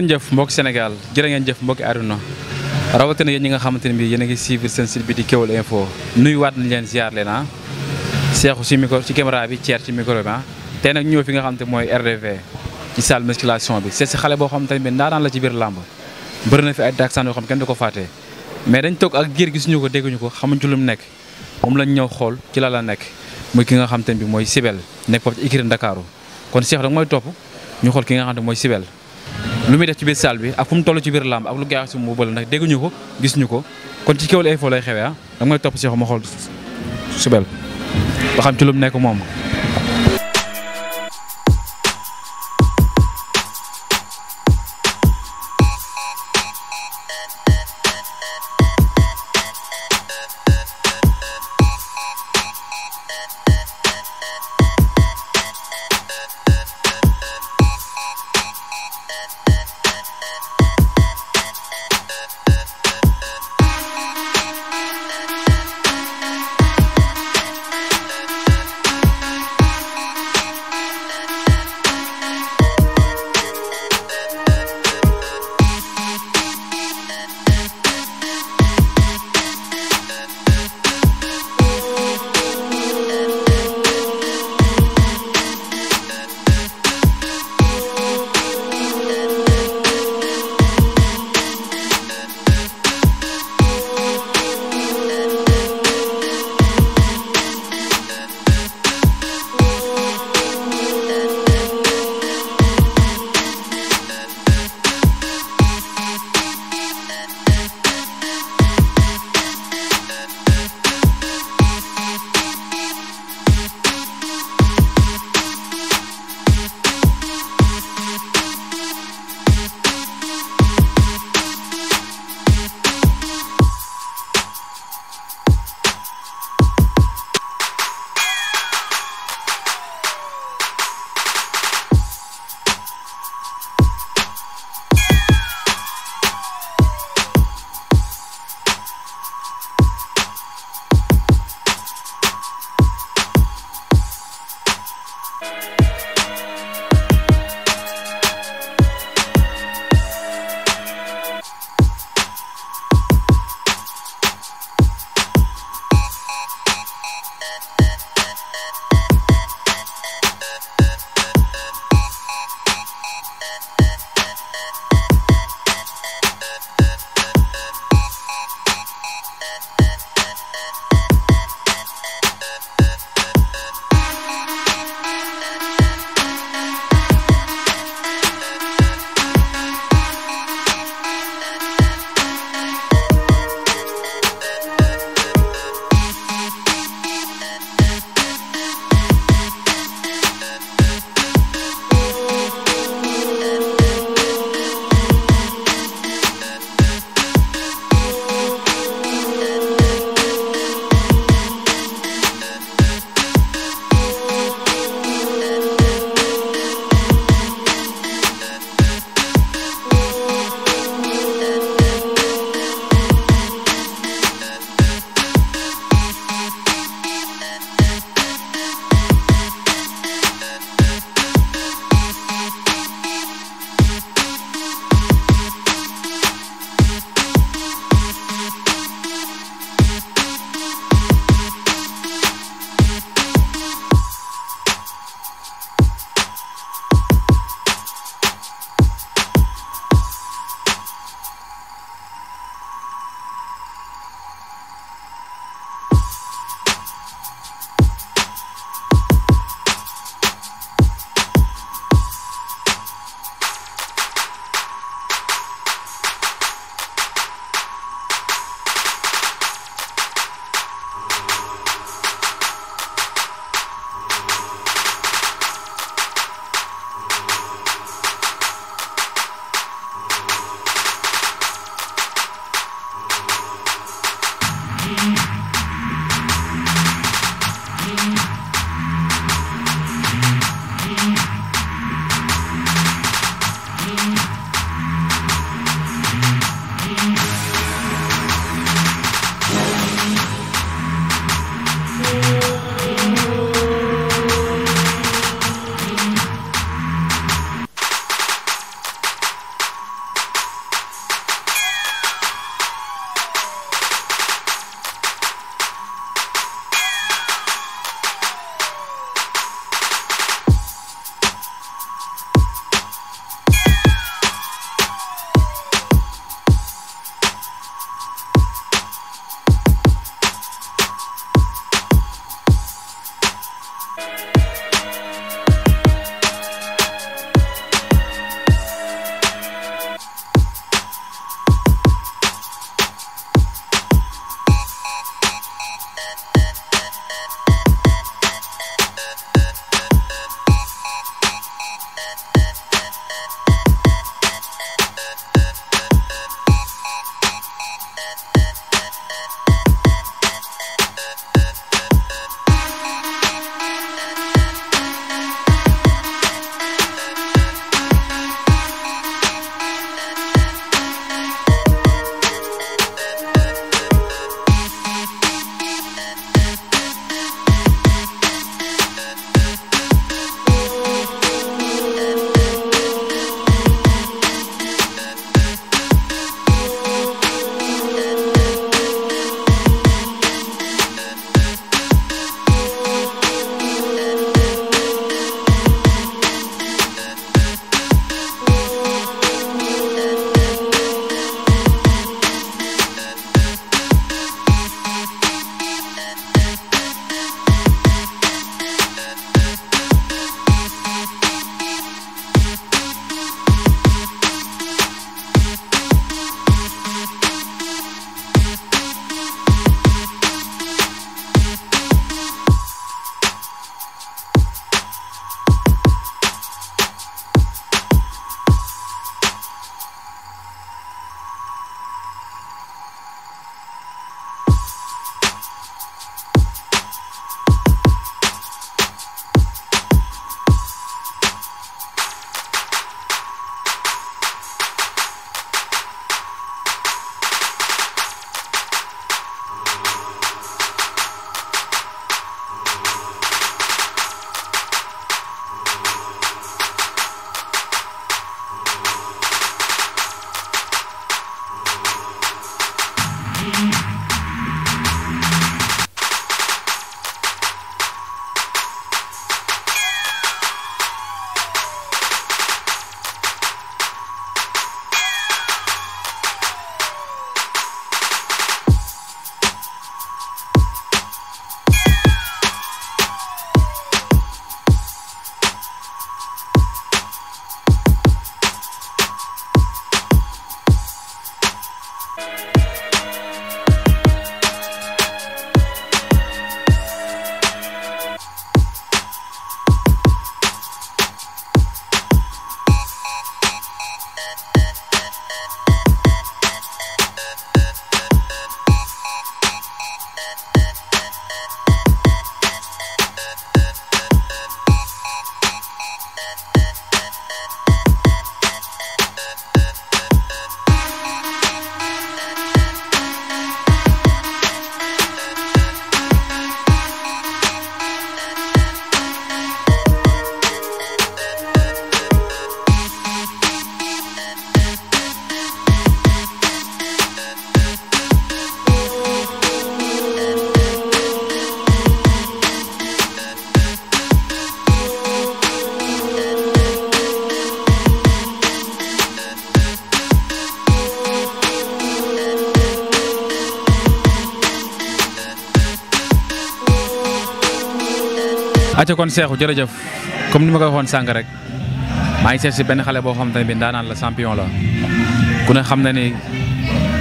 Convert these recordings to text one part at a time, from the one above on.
ngeen jëf mbokki Sénégal jërë ngeen jëf mbokki àdduna rawatina yéen a leen ziar leen ah. seexu si micro ci caméra bi ceer ci micro bi ah tey nag ñëw fi nga xam te mooy RDV ci salle musculation bi c'est si xale boo xam te ne bii ndaanaan la ci biir làmb bëri na fi ay daksaan yoo xam kenn du ko fàtte mais dañ toog ak giir gisuñu ko dégguñu ko xamuñ ci nekk moom lañ ñëw xool ci la la nekk muy ki nga xam te ne bii mooy Sibel nekk foofu ci Ikiri Ndakaaru kon seex rek mooy topp ñu xool ki nga xam te mooy Sibel lu muy def ci biir saal bi ak fu mu toll ci biir làmb ak lu gaaw si mu bële ndax dégguñu ko gis ñu ko kon ci Kewel Info lay xewee ah danga may topp si ma xool subel ba xam ci lu mu nekk moom. kon Cheikhou jërëjëf comme ni ma ko waxoon sànq rek maa ngi seet si benn xale boo xam ne bi ndaanaan la champion la ku ne xam na ni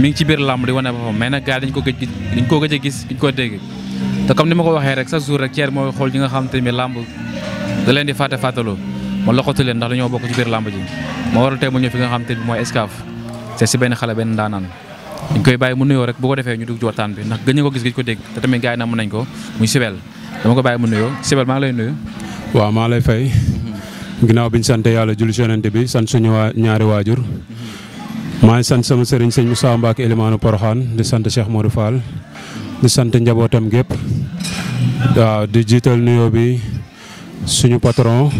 mi ngi ci biir làmb di wane boppam mais nag gars dañ ko dañ ko gëj a gis ko dégg te comme ni ma ko waxee rek chaque jour rek mooy xool ñi nga xam te ni làmb da leen di fàtte fàttaloo ma loxatu leen ndax dañoo bokk ci biir làmb ji ma waral tey mu ñëw fi nga xam te ni mooy Excaf seet si benn xale benn ndaanaan dañ koy bàyyi mu nuyoo ñu dugg bi ndax gëj ko gis gëj ko dama ko bàyyi mu nuyoo Sibel maa lay nuyu. waaw maa lay fay. Mhm. ginnaaw bi ñu sant yàlla julli yonent bi sant suñu waa ñaari waajur. Mhm. maa ngi sant sama sëriñ sëñ mu Mbacke Elimaanu Poroxaan di sant Cheikh Modou Fall. di sant njabootam gépp waaw di jiital nuyoo bi suñu patron.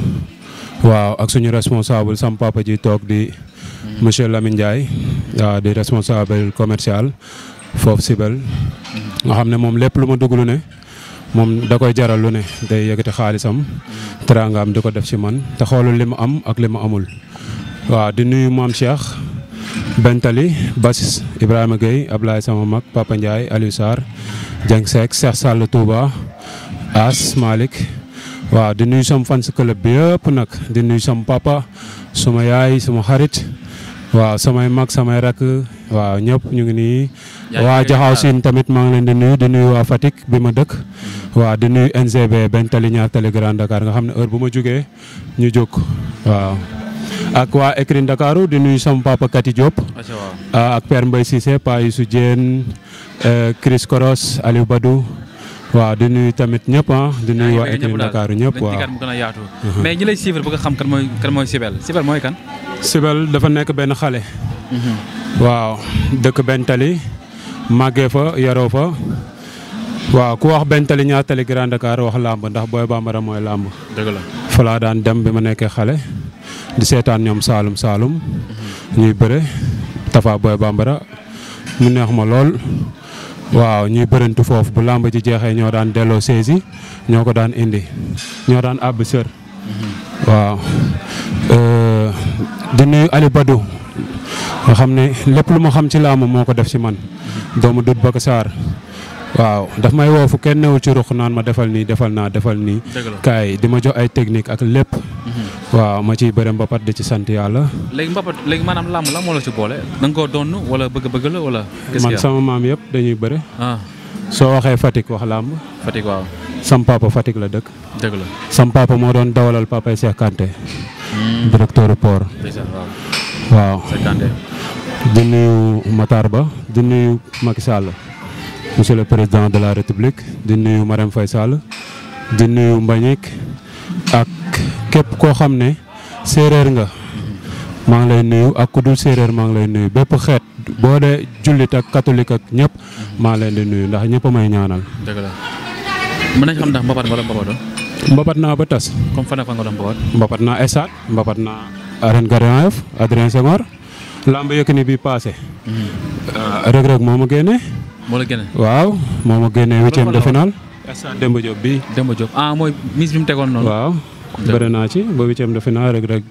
waaw ak suñu responsable sam papa ji toog di mhm. monsieur Lamine Ndiaye waaw di responsable commercial foofu Sibel nga xam ne moom lépp lu ma dugg lu ne. moom da koy jaral lu ne day yëkkati xaalisam teraangaam di ko def ci man te xoolul li mu am ak li mu amul waaw di nuyu maam Cheikh Bentali Bass Ibrahima Gueye Ablaye sama mag Papa Ndiaye Aliou Sarr Dieng Seck Cheikh Sall Touba As waaw di nuyu sama fans club bi yëpp nag di nuyu sama papa suma yaay suma xarit waaw samay mag samay rakk waaw ñëpp ñu ngi nii waa Jaxaw Siin tamit maa ngi leen di nuyu di nuyu waa Fatick bi ma dëkk mm-hmm. waaw di nuyu NGB benn tali ñaar tali Grand Dakar nga xam ne heure bu ma jógee ñu jóg waaw ak waa Écrine ndakaaru di nuyu sama papa Kati Diop ah, ak Père Mbaye Cissé Pa Youssou Diène eh, Chris Koros Aliou Badou waaw di nuyu tamit ñëpp ah di nuyu waa Écrine Dakaru ñëpp waaw uh-huh. mais Sibel dafa nekk benn xale. waaw dëkk benn tali fa yaroo fa waaw ku wax benn tali ñaar tali Grand Dakar wax làmb ndax booy Bambara mooy làmb. dëgg la fa daan dem bi ma nekkee xale di seetaan ñoom Saalum Saalum. ñuy bëre Tafa Boy mu neex ma lool. waaw ñuy bërëntu foofu bu làmb ji jeexee ñoo daan delloo saisi ñoo ko daan indi ñoo daan àbb sër mhm. waaw euh, di nuyu Aliou Badou xam ne lépp lu ma xam ci laamu moo ko def ci man doomu dut Baka Sarr waaw daf may woo fu kenn newul ci ruq naan ma defal nii defal naa defal nii kaay di ma jox ay technique ak lépp mhm. waaw ma ciy bëre mbapat di ci sant yàlla léegi mbapat léegi la moo la ci boole koo donn wala bëgg-bëgg la wala man sama maam yëpp dañuy bëre ah. soo waxee Fatick wax làmb Fatick waaw sam Fatick la dëkk dëgg la moo doon dawalal papay Cheikh Hmm. directeur port waaw di nuyu Matar Ba di nuyu Macky Sall monsieur le président de la république di nuyu Marème Faye Sall di nuyu Mbagnick ak képp koo xam ne séeréer nga maa ngi lay nuyu ak ku dul séeréer maa ngi lay nuyu bépp xeet boo dee jullit ak catholique ak ñëpp maa leen di nuyu ndax ñëpp may ñaanal. dëgg la mën nañ xam mbapat naa ba tas. comme fan ak fan nga mbapat. naa Esat mbapat naa Arène Garañoy Adrien Senghor. lamb Yékini bi passé. Hmm. Euh, Reug Reug moo ma génne. moo la génne waaw moo ma génne huitième de finale. Esat Demba Diop bii. Demba Diop ah mooy bi mu tegoon noonu. waaw bëri naa ci ba huitième de finale Reug Reug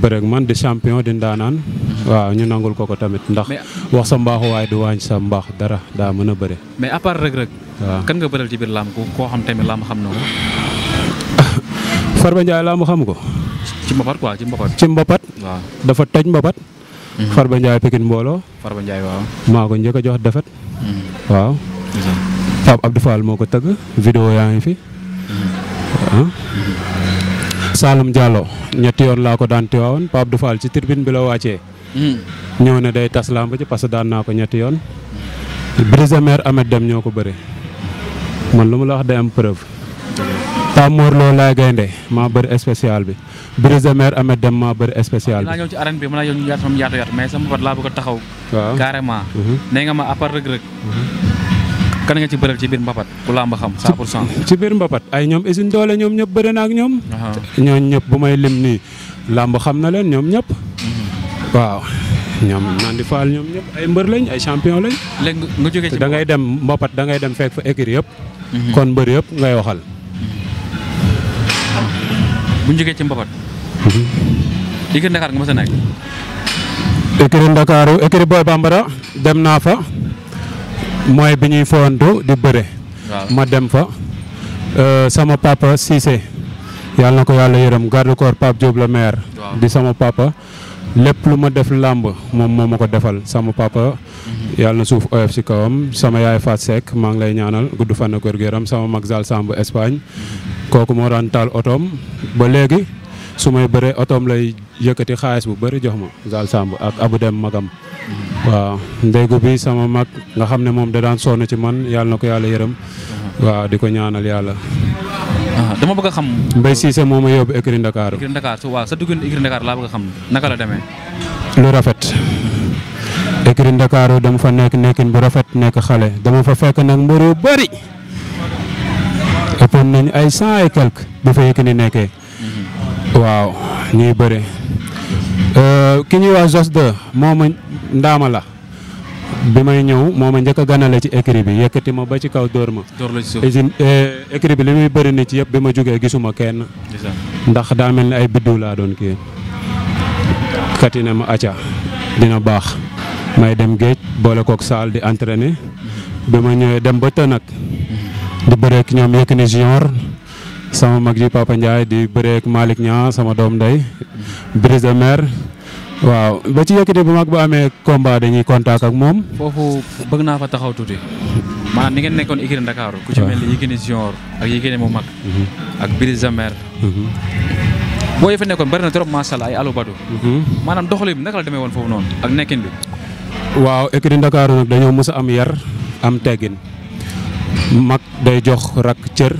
bërëg man di champion di ndaanaan hmm. waaw ñu nangul ko ko tamit ndax wax sa mbaaxu waaye du waañ sa mbaax dara daa mën a bëre mais à part Reug waaw nga bëral ci biir làmb ko xam tamit xam na Farba Ndiaye laa mu xam ko. ci Mbapat quoi ci Mbapat. ci Mbapat. dafa toj Mbapat. Mhm. Farba Ndiaye Pikine mbooloo. Farba Ndiaye a jox defet mhm. waaw. Pape Abdou Fall moo ko tëgg. vidéo yaa ngi fi. Mhm. Ah. Saalum Diallo ñetti yoon laa ko daan teewaawoon Pape Abdou Fall ci tribune bi la wàccee. ñëw day tas lamb ji parce que daan naa ko ñetti yoon. Brise mer Dem ñoo ko bëri man lu mu la day am preuve. Pape Mor Lo laay gaynde maa bëri spécial bi Brise de Mer Ameth Deme maa bëri spécial bi. mën naa ñëw ci arène bi mën naa ñëw ñu yaatu sama yaatu laa bëgg a taxaw. waaw carrément. Mhm. nga ma à part rëgg-rëgg. Mhm. nga ci bëreel ci biir Mbapat ku làmb xam 100 ci biir Mbapat ay ñoom usine doole ñoom ñëpp bëri na ak ñoom. ñooñ ñëpp bu may lim nii làmb xam na leen ñoom ñëpp. Mhm. waaw ñoom naan di faal ñoom ñëpp ay mbër lañ ay champion lañ. léegi nga jógee ci da ngay dem Mbapat da ngay dem fekk fa écurie yëpp. kon mbër yëpp ngay waxal. bu ñu ci mbapat. écurie Dakar nga mos a nekk. écurie Dakar écurie Boy Bambara dem naa fa mooy bi ñuy fowantu di bëre. ma dem fa euh, sama papa Cissé yàlla na ko yàlla yërëm garde corps Pape la maire. di sama papa. lépp lu ma def làmb moom moo ma ko defal sama papa. yàlla na suuf oyof si kawam sama yaay Faat Seck maa ngi lay ñaanal gudd fan ak wér-gu-yaram sama mag Zal Samb Espagne kooku moo daan taal otoom ba léegi su may bëree otoom lay yëkkati xaalis bu bëri jox ma Zal Samb ak Abu Dem magam. waaw ndéegu bi sama mag nga xam ne moom da daan sonn ci man yàlla na ko yàlla yërëm. waaw di ko ñaanal yàlla. Ah, dama bëgg a xam. Mbaye Cissé moo ma yóbbu écurie Ndakaaru. écurie Ndakaaru sa dugg écurie a xam naka la demee. lu rafet. écurie Ndakaaru dama fa nekk nekkin bu rafet nekk xale dama fa fekk nag mbër yu bëri. ëppoon nañ ay cent et quelque bu fa Yékini nekkee. Mhm. waaw ñuy bëri. Euh, ki ñuy wax de moom ndaama la. bi may ñëw moom a njëkk a ganale ci écrit bi yëkkati ma ba ci kaw dóor ma. dóor la eh, écrit bi li muy bëri nit yëpp bi ma jógee gisuma kenn. ndax daa mel ni ay biddiw laa doon kii. kati ne ma acca dina baax may dem géej boole kook saal di entraîner mm-hmm. bi ma ñëwee dem ba tënag mm-hmm. di bëreek ñoom Yékini Junior sama mag ji Papa Ndiaye di bëreek Malick ñaa sama doom ndey mm-hmm. brise de mer. waaw ba ci yëkkati bu mag bu amee combat dañuy contact ak moom. foofu bëgg naa fa taxaw tuuti. maanaam ni ngeen nekkoon Ikiri Ndakaaru. ku ci mel ni Yékini Junior ak Yékini mu mag. Mhm. ak Brise de mhm. boo yi fa nekkoon bari na trop macha allah ay alubadu. Mhm. maanaam doxali bi naka la demee woon foofu noonu ak nekkin bi. waaw Ikiri Ndakaaru nag dañoo mës am yar am teggin mag day jox rakk cër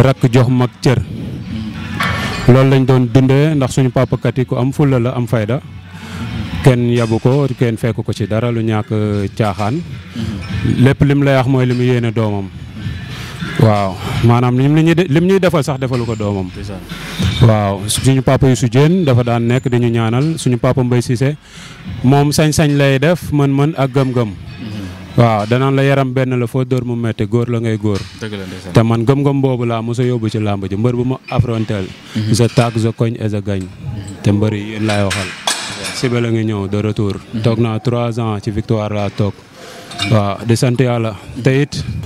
rakk jox mag cër. loolu lañ doon dundee ndax suñu papa kat ku am fulla la am fayda. kenn yabu ko kenn fekk ko ci dara lu ñàkk euh, caaxaan lépp lim lay wax mooy li mu yéene doomam waaw maanaam lim ñuy lim ñuy defal sax defalu ko doomam waaw suñu papa Youssou Dieng dafa daan nekk di ñu ñaanal suñu papa si se moom sañ-sañ lay def man man ak gëm-gëm waaw danaan la yaram benn la foo dóor mu góor la ngay góor te man gëm-gëm boobu laa mos a yóbbu ci làmb ji mbër bu ma affrontel mhm. je tag je cogne et je gagne te mbër yi yéen laay waxal match ba la ngi ñëw de retour. toog trois ans ci victoire laa toog. waaw di sant